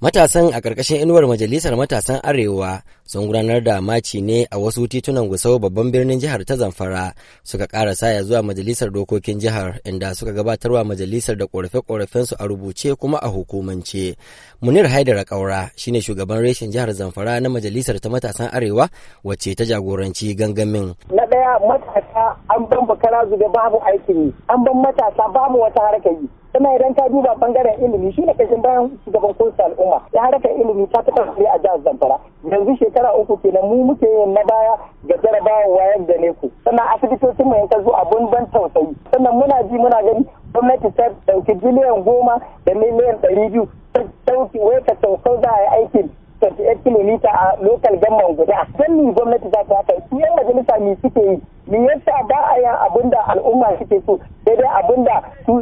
Matasan a ƙarƙashin inuwar Majalisar Matasan Arewa sun gudanar da maci ne a wasu titunan Gusau babban birnin jihar ta Zamfara suka ƙara saya zuwa Majalisar Dokokin jihar inda suka gabatarwa Majalisar da ƙorafe-ƙorafensu a rubuce kuma a hukumance. Munir Haidara Kaura shine shugaban reshen jihar Zamfara na Majalisar ta Matasan Arewa wacce ta jagoranci gangamin. Na ɗaya matasa an ban bakara zube babu aikin yi, an ban matasa babu wata harkar yi. sannan idan ka duba bangaren ilimi shi ne kashin bayan gaban kunsa al'umma ya harkar ilimi ta fi kare a jihar zamfara yanzu shekara uku kenan mu muke yin na baya ga jarabawa wayar da ne ku sannan asibitocin mu yanka zuwa abun ban tausayi sannan muna ji muna gani gwamnati ta ɗauki biliyan goma da miliyan ɗari biyu ta ɗauki wai ta tausau za a yi aikin 28 kilomita a lokal gamman guda. Don ni gwamnati za ta haka, su yan majalisa ne suke yi me yasa ba a yin abin da al'umma suke so sai dai abin da su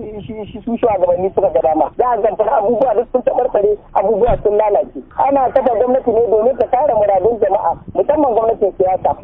shugabanni suka gada ma za a zanta abubuwa da sun tare abubuwa sun lalace ana kafa gwamnati ne domin ta kare muradun jama'a musamman gwamnatin siyasa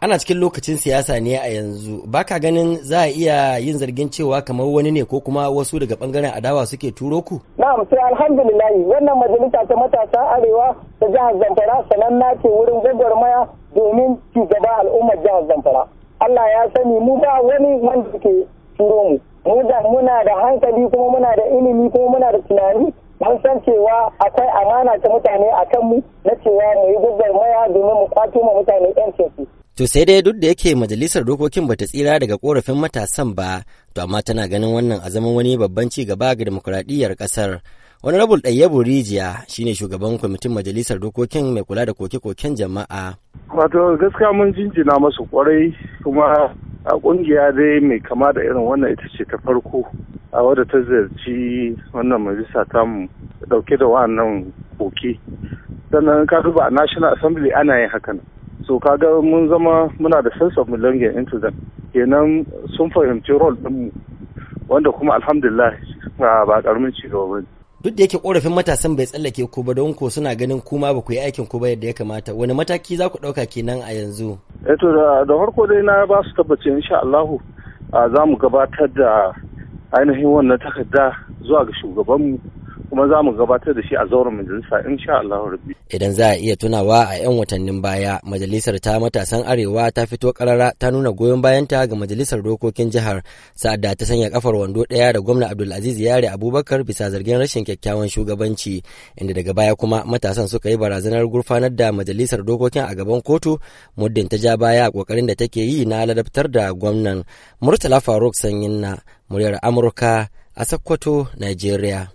ana cikin lokacin siyasa ne a yanzu baka ganin za a iya yin zargin cewa kamar wani ne ko kuma wasu daga bangaren adawa suke turo ku na'am sai alhamdulillah wannan majalisa ta matasa arewa ta jihar zamfara sanan na ce wurin gwagwarmaya domin shugaba al'ummar jihar zamfara Allah ya sani mu ba wani wanda ke turo mu mu da muna da hankali kuma muna da ilimi kuma muna da tunani mun san cewa akwai amana ta mutane a mu na cewa mu yi maya domin mu kwato ma mutane yancin su To sai dai duk da yake majalisar dokokin bata tsira daga korafin matasan ba, to amma tana ganin wannan a zaman wani babban ci gaba ga demokuraɗiyyar ƙasar. Wani rabul ɗayyabu rijiya ne shugaban kwamitin majalisar dokokin mai kula da koke-koken jama'a. wato gaskiya mun jinjina masu kwarai kuma a kungiya dai mai kama da irin wannan ita ce ta farko a wadda ta ziyarci wannan majalisa ta mu dauke da wannan koke sannan ka duba a national assembly ana yin hakan so ga mun zama muna da sense of belonging into them kenan sun fahimci role ɗinmu wanda kuma alhamdulillah ba karamin ci gaba bane duk da yake korafin matasan bai tsallake ku ba don ko suna ganin kuma ba ku yi aikin ku ba yadda ya kamata wani mataki za ku ɗauka kenan a yanzu eh da farko dai na ba su tabbaci insha Allahu za mu gabatar da ainihin wannan takarda zuwa ga shugabanmu kuma za mu gabatar da shi a zauren majalisa insha Allah rabbi idan za a iya tunawa a 'yan watannin baya majalisar ta matasan arewa ta fito karara ta nuna goyon bayanta ga majalisar dokokin jihar sa'adda ta sanya kafar wando ɗaya da gwamna abdulaziz yare abubakar bisa zargin rashin kyakkyawan shugabanci inda daga baya kuma matasan suka yi barazanar gurfanar da majalisar dokokin a gaban kotu muddin ta ja baya a kokarin da take yi na ladabtar da gwamnan murtala faruk sanyin na muryar amurka a sokoto nigeria